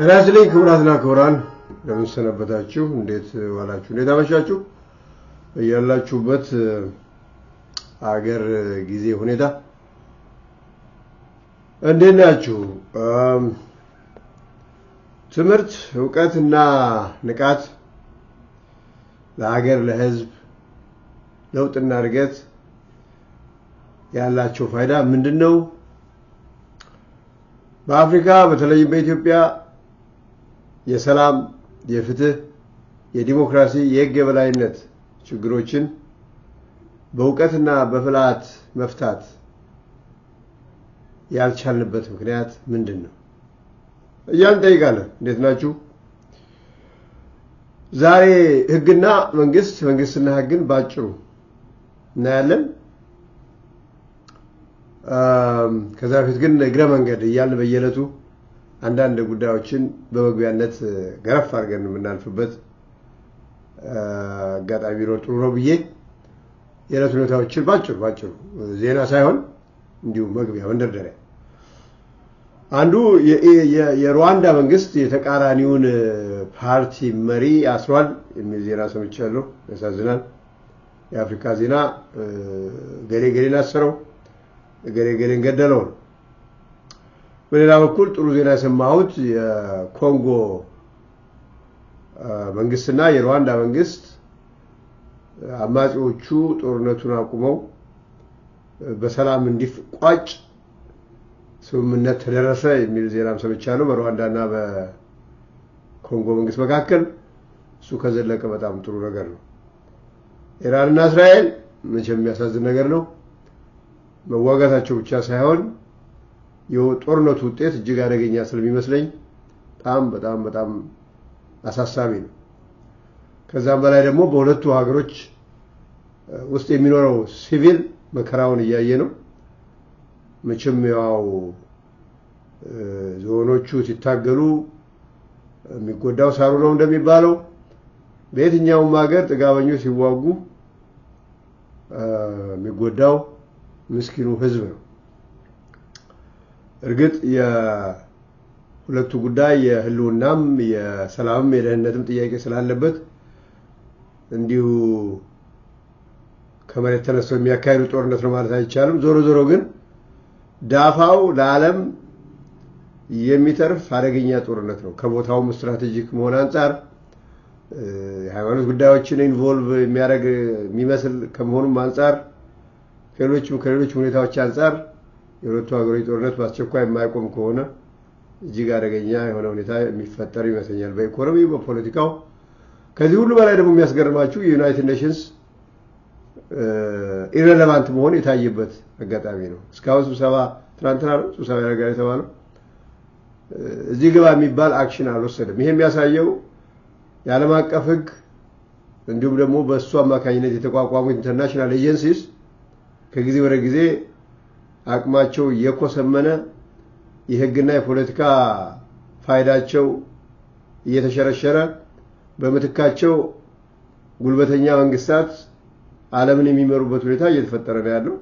ጤና ይስጥልኝ ክቡራትና ክቡራን፣ እንደምን ሰነበታችሁ? እንዴት ዋላችሁ? እንዴት አመሻችሁ? እያላችሁበት አገር ጊዜ ሁኔታ እንዴት ናችሁ? ትምህርት እውቀትና ንቃት ለሀገር ለሕዝብ ለውጥና እድገት ያላቸው ፋይዳ ምንድን ነው? በአፍሪካ በተለይም በኢትዮጵያ የሰላም፣ የፍትህ፣ የዲሞክራሲ፣ የህግ የበላይነት ችግሮችን በእውቀትና በፍልሃት መፍታት ያልቻልንበት ምክንያት ምንድን ነው እያን እንጠይቃለን? እንዴት ናችሁ? ዛሬ ህግና መንግስት መንግስትና ህግን ባጭሩ እናያለን። ከዛ በፊት ግን እግረ መንገድ እያልን በየዕለቱ አንዳንድ ጉዳዮችን በመግቢያነት ገረፍ አድርገን የምናልፍበት አጋጣሚ ነው። ጥሩ ነው ብዬ የዕለት ሁኔታዎችን ባጭሩ ባጭሩ ዜና ሳይሆን እንዲሁም መግቢያ መንደርደሪያ አንዱ የሩዋንዳ መንግስት የተቃራኒውን ፓርቲ መሪ አስሯል የሚል ዜና ሰምቻለሁ። ያሳዝናል። የአፍሪካ ዜና ገሌ ገሌን አሰረው ገሌ ገሌን ገደለውን በሌላ በኩል ጥሩ ዜና የሰማሁት የኮንጎ መንግስትና የሩዋንዳ መንግስት አማጺዎቹ ጦርነቱን አቁመው በሰላም እንዲቋጭ ስምምነት ተደረሰ የሚል ዜናም ሰምቻለሁ በሩዋንዳና በኮንጎ መንግስት መካከል። እሱ ከዘለቀ በጣም ጥሩ ነገር ነው። ኢራንና እስራኤል መቼም የሚያሳዝን ነገር ነው። መዋጋታቸው ብቻ ሳይሆን የጦርነቱ ውጤት እጅግ አደገኛ ስለሚመስለኝ በጣም በጣም በጣም አሳሳቢ ነው። ከዛም በላይ ደግሞ በሁለቱ ሀገሮች ውስጥ የሚኖረው ሲቪል መከራውን እያየ ነው። መቼም ያው ዝሆኖቹ ሲታገሉ የሚጎዳው ሳሩ ነው እንደሚባለው በየትኛውም ሀገር ጥጋበኞች ሲዋጉ የሚጎዳው ምስኪኑ ሕዝብ ነው። እርግጥ የሁለቱ ጉዳይ የህልውናም የሰላምም የደህንነትም ጥያቄ ስላለበት እንዲሁ ከመሬት ተነስተው የሚያካሄዱ ጦርነት ነው ማለት አይቻልም። ዞሮ ዞሮ ግን ዳፋው ለዓለም የሚተርፍ አደገኛ ጦርነት ነው። ከቦታውም ስትራቴጂክ መሆን አንጻር የሃይማኖት ጉዳዮችን ኢንቮልቭ የሚያደርግ የሚመስል ከመሆኑም አንጻር ከሌሎችም ከሌሎች ሁኔታዎች አንጻር የሁለቱ ሀገሮች ጦርነት በአስቸኳይ የማይቆም ከሆነ እጅግ አደገኛ የሆነ ሁኔታ የሚፈጠር ይመስለኛል፣ በኢኮኖሚ በፖለቲካው። ከዚህ ሁሉ በላይ ደግሞ የሚያስገርማችሁ የዩናይትድ ኔሽንስ ኢረለቫንት መሆን የታየበት አጋጣሚ ነው። እስካሁን ስብሰባ ትናንትና ስብሰባ ያደርጋል የተባለው እዚህ ግባ የሚባል አክሽን አልወሰደም። ይሄ የሚያሳየው የዓለም አቀፍ ሕግ እንዲሁም ደግሞ በእሱ አማካኝነት የተቋቋሙት ኢንተርናሽናል ኤጀንሲስ ከጊዜ ወደ ጊዜ አቅማቸው እየኮሰመነ የህግና የፖለቲካ ፋይዳቸው እየተሸረሸረ በምትካቸው ጉልበተኛ መንግስታት ዓለምን የሚመሩበት ሁኔታ እየተፈጠረ ነው ያለው።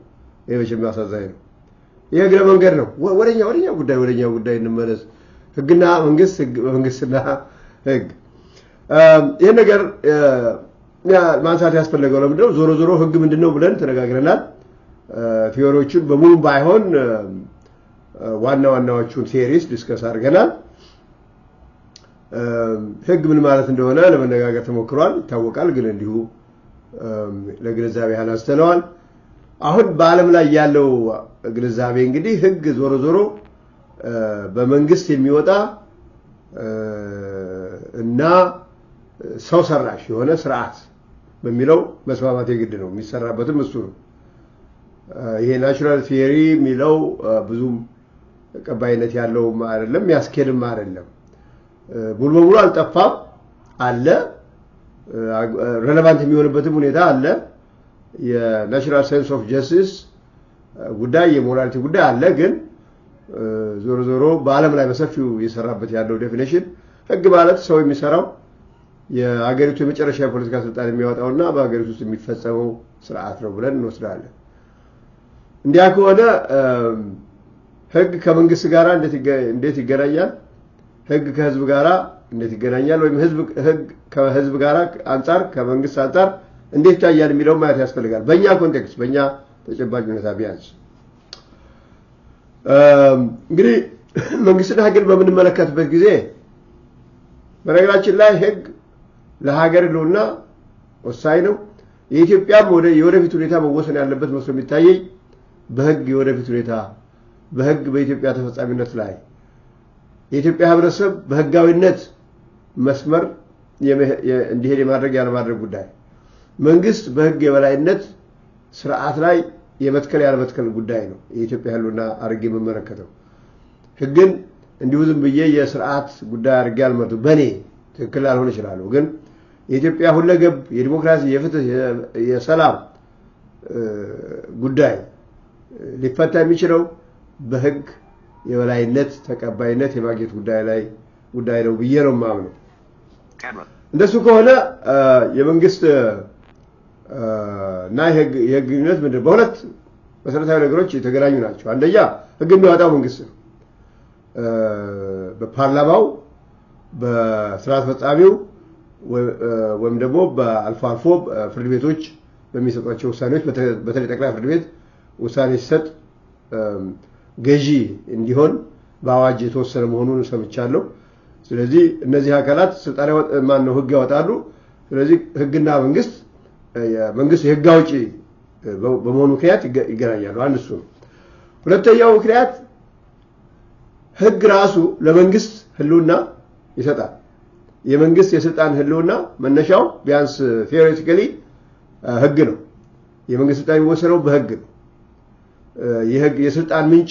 ይህ መቼም አሳዛኝ ነው። ይህ እግረ መንገድ ነው። ወደኛ ወደኛ ጉዳይ ወደኛ ጉዳይ እንመለስ። ህግና መንግስት መንግስትና ህግ ይህን ነገር ማንሳት ያስፈለገው ለምንድነው? ዞሮ ዞሮ ህግ ምንድን ነው ብለን ተነጋግረናል። ቲዮሪዎቹን በሙሉ ባይሆን ዋና ዋናዎቹን ቴሪስ ዲስከስ አድርገናል። ህግ ምን ማለት እንደሆነ ለመነጋገር ተሞክሯል፣ ይታወቃል። ግን እንዲሁ ለግንዛቤ ያህል አንስተነዋል። አሁን በዓለም ላይ ያለው ግንዛቤ እንግዲህ ህግ ዞሮ ዞሮ በመንግስት የሚወጣ እና ሰው ሰራሽ የሆነ ስርዓት በሚለው መስማማት የግድ ነው። የሚሰራበትም እሱ ነው። ይሄ ናቹራል ቲዮሪ የሚለው ብዙም ቀባይነት ያለውም አይደለም፣ ያስኬድም አይደለም። ሙሉ በሙሉ አልጠፋም፣ አለ። ሬሌቫንት የሚሆንበትም ሁኔታ አለ። የናቹራል ሴንስ ኦፍ ጀስቲስ ጉዳይ የሞራሊቲ ጉዳይ አለ። ግን ዞሮ ዞሮ በዓለም ላይ በሰፊው እየሰራበት ያለው ዴፊኔሽን ህግ ማለት ሰው የሚሰራው የሀገሪቱ የመጨረሻ የፖለቲካ ስልጣን የሚያወጣውና በሀገሪቱ ውስጥ የሚፈጸመው ስርዓት ነው ብለን እንወስዳለን። እንዲያ ከሆነ ህግ ከመንግስት ጋር እንዴት ይገናኛል? ህግ ከህዝብ ጋር እንዴት ይገናኛል? ወይም ህግ ከህዝብ ጋር አንጻር ከመንግስት አንጻር እንዴት ይታያል የሚለው ማየት ያስፈልጋል። በእኛ ኮንቴክስት፣ በእኛ ተጨባጭ ሁኔታ ቢያንስ እንግዲህ መንግስትና ህግን በምንመለከትበት ጊዜ በነገራችን ላይ ህግ ለሀገር ህልውና ወሳኝ ነው። የኢትዮጵያም የወደፊት ሁኔታ መወሰን ያለበት መስሎ የሚታየኝ በህግ የወደፊት ሁኔታ በህግ በኢትዮጵያ ተፈጻሚነት ላይ የኢትዮጵያ ህብረተሰብ በህጋዊነት መስመር እንዲሄድ የማድረግ ያለማድረግ ጉዳይ፣ መንግስት በህግ የበላይነት ስርዓት ላይ የመትከል ያለመትከል ጉዳይ ነው የኢትዮጵያ ህልውና አድርጌ የምመለከተው። ህግን እንዲሁ ዝም ብዬ የስርዓት ጉዳይ አድርጌ አልመለከተውም። በእኔ ትክክል ላልሆን ይችላሉ። ግን የኢትዮጵያ ሁለገብ የዲሞክራሲ፣ የፍትህ፣ የሰላም ጉዳይ ሊፈታ የሚችለው በህግ የበላይነት ተቀባይነት የማግኘት ጉዳይ ላይ ጉዳይ ነው ብዬ ነው የማምነው። እንደሱ ከሆነ የመንግስት እና የህግ ግንኙነት ምንድን በሁለት መሰረታዊ ነገሮች የተገናኙ ናቸው። አንደኛ ህግ የሚያወጣው መንግስት ነው፣ በፓርላማው በስራ አስፈጻሚው ወይም ደግሞ በአልፎ አልፎ ፍርድ ቤቶች በሚሰጧቸው ውሳኔዎች በተለይ ጠቅላይ ፍርድ ቤት ውሳኔ ሲሰጥ ገዢ እንዲሆን በአዋጅ የተወሰነ መሆኑን ሰምቻለሁ። ስለዚህ እነዚህ አካላት ስልጣን ማነው ነው ህግ ያወጣሉ። ስለዚህ ህግና መንግስት መንግስት የህግ አውጪ በመሆኑ ምክንያት ይገናኛሉ። አንድ እሱ ነው። ሁለተኛው ምክንያት ህግ ራሱ ለመንግስት ህልውና ይሰጣል። የመንግስት የስልጣን ህልውና መነሻው ቢያንስ ቴዎሬቲካሊ ህግ ነው። የመንግስት ስልጣን የሚወሰነው በህግ ነው። የህግ የስልጣን ምንጭ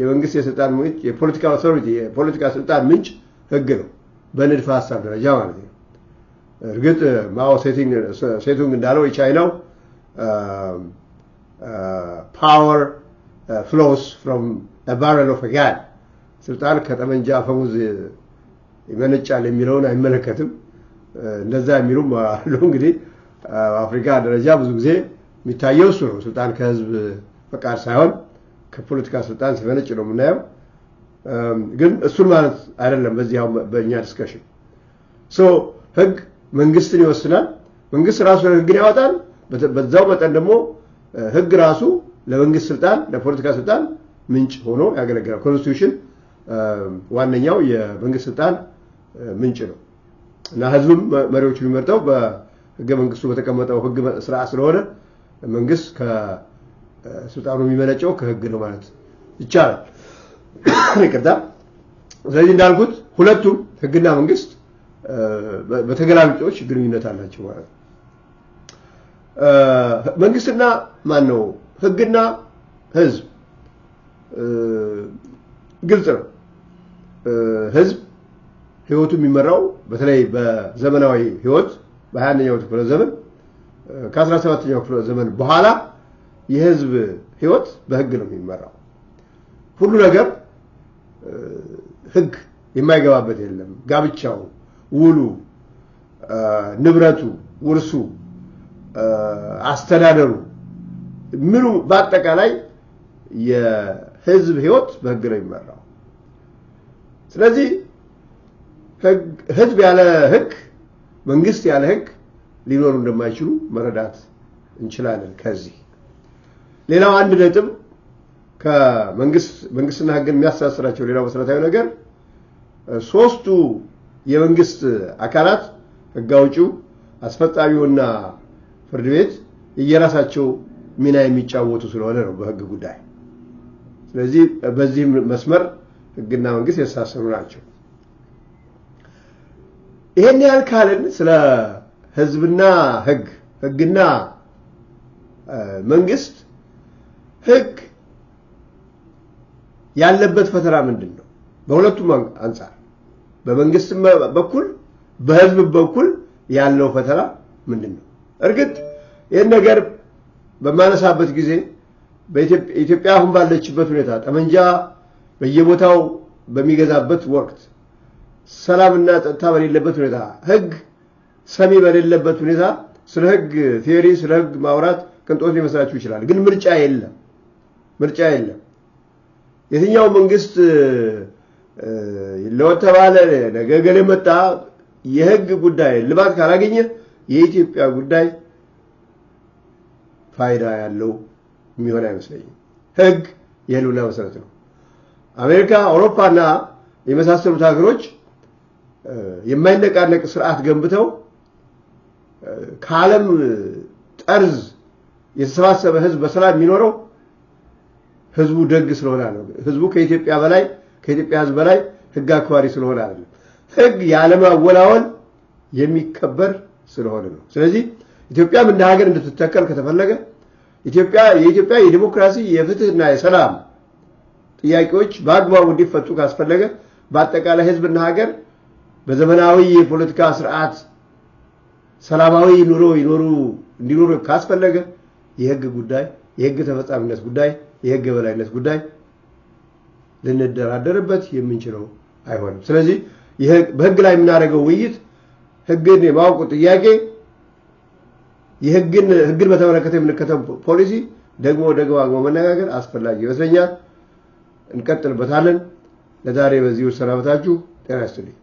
የመንግስት የስልጣን ምንጭ የፖለቲካ አውቶሪቲ የፖለቲካ ስልጣን ምንጭ ህግ ነው፣ በንድፈ ሀሳብ ደረጃ ማለት ነው። እርግጥ ማኦ ሴቱንግ እንዳለው የቻይናው ፓወር ፍሎስ ፍሮም ባረል ኦፍ ጋን ስልጣን ከጠመንጃ አፈሙዝ ይመነጫል የሚለውን አይመለከትም። እንደዛ የሚሉም አሉ። እንግዲህ በአፍሪካ ደረጃ ብዙ ጊዜ የሚታየው እሱ ነው። ስልጣን ከህዝብ ፈቃድ ሳይሆን ከፖለቲካ ስልጣን ሲመነጭ ነው የምናየው። ግን እሱን ማለት አይደለም። በዚህ በእኛ ዲስከሽን ህግ መንግስትን ይወስናል። መንግስት ራሱ ህግን ያወጣል። በዛው መጠን ደግሞ ህግ ራሱ ለመንግስት ስልጣን፣ ለፖለቲካ ስልጣን ምንጭ ሆኖ ያገለግላል። ኮንስቲቱሽን ዋነኛው የመንግስት ስልጣን ምንጭ ነው እና ህዝብም መሪዎች የሚመርጠው በህገ መንግስቱ በተቀመጠው ህግ ስርዓት ስለሆነ መንግስት ስልጣኑ የሚመነጨው ከህግ ነው ማለት ይቻላል። ይቅርታ። ስለዚህ እንዳልኩት ሁለቱም ህግና መንግስት በተገላቢጦች ግንኙነት አላቸው ማለት ነው። መንግስትና ማን ነው? ህግና ህዝብ ግልጽ ነው። ህዝብ ህይወቱ የሚመራው በተለይ በዘመናዊ ህይወት በ21ኛው ክፍለ ዘመን ከ17ኛው ክፍለ ዘመን በኋላ የህዝብ ህይወት በህግ ነው የሚመራው። ሁሉ ነገር ህግ የማይገባበት የለም። ጋብቻው፣ ውሉ፣ ንብረቱ፣ ውርሱ፣ አስተዳደሩ፣ ምኑ በአጠቃላይ የህዝብ ህይወት በህግ ነው የሚመራው። ስለዚህ ህዝብ ያለ ህግ፣ መንግስት ያለ ህግ ሊኖሩ እንደማይችሉ መረዳት እንችላለን ከዚህ ሌላው አንድ ነጥብ ከመንግስት መንግስትና ህግን የሚያስተሳስራቸው ሌላው መሰረታዊ ነገር ሶስቱ የመንግስት አካላት ህግ አውጪው፣ አስፈጻሚውና ፍርድ ቤት እየራሳቸው ሚና የሚጫወቱ ስለሆነ ነው በህግ ጉዳይ። ስለዚህ በዚህም መስመር ህግና መንግስት የተሳሰሩ ናቸው። ይሄን ያህል ካልን ስለ ህዝብና ህግ ህግና መንግስት ህግ ያለበት ፈተና ምንድን ነው? በሁለቱም አንጻር በመንግስት በኩል በህዝብ በኩል ያለው ፈተና ምንድን ነው? እርግጥ ይህን ነገር በማነሳበት ጊዜ በኢትዮጵያ አሁን ባለችበት ሁኔታ ጠመንጃ በየቦታው በሚገዛበት ወቅት፣ ሰላምና ጸጥታ በሌለበት ሁኔታ፣ ህግ ሰሚ በሌለበት ሁኔታ ስለ ህግ ቴዎሪ ስለ ህግ ማውራት ቅንጦት ሊመስላችሁ ይችላል። ግን ምርጫ የለም። ምርጫ የለም። የትኛው መንግስት ለወተባለ ተባለ ነገ ገሌ መጣ የህግ ጉዳይ ልባት ካላገኘ የኢትዮጵያ ጉዳይ ፋይዳ ያለው የሚሆን አይመስለኝም። ህግ የህልውና መሰረት ነው። አሜሪካ፣ አውሮፓና የመሳሰሉት ሀገሮች የማይነቃነቅ ስርዓት ገንብተው ከዓለም ጠርዝ የተሰባሰበ ህዝብ በሰላም የሚኖረው ህዝቡ ደግ ስለሆነ አይደለም። ህዝቡ ከኢትዮጵያ በላይ ከኢትዮጵያ ህዝብ በላይ ህግ አክባሪ ስለሆነ አይደለም። ህግ ያለማወላወል የሚከበር ስለሆነ ነው። ስለዚህ ኢትዮጵያም እንደ ሀገር እንድትተከል ከተፈለገ ኢትዮጵያ የኢትዮጵያ የዲሞክራሲ የፍትህና የሰላም ጥያቄዎች በአግባቡ እንዲፈቱ ካስፈለገ በአጠቃላይ ህዝብና ሀገር በዘመናዊ የፖለቲካ ስርዓት ሰላማዊ ኑሮ ይኖሩ እንዲኖሩ ካስፈለገ የህግ ጉዳይ የህግ ተፈጻሚነት ጉዳይ፣ የህግ የበላይነት ጉዳይ ልንደራደርበት የምንችለው አይሆንም። ስለዚህ በህግ ላይ የምናደርገው ውይይት ህግን የማወቁ ጥያቄ የህግን ህግን በተመለከተ የምንከተው ፖሊሲ ደግሞ ደጋግሞ መነጋገር አስፈላጊ ይመስለኛል። እንቀጥልበታለን። ለዛሬ በዚሁ ሰናበታችሁ። ጤና ይስጥልኝ።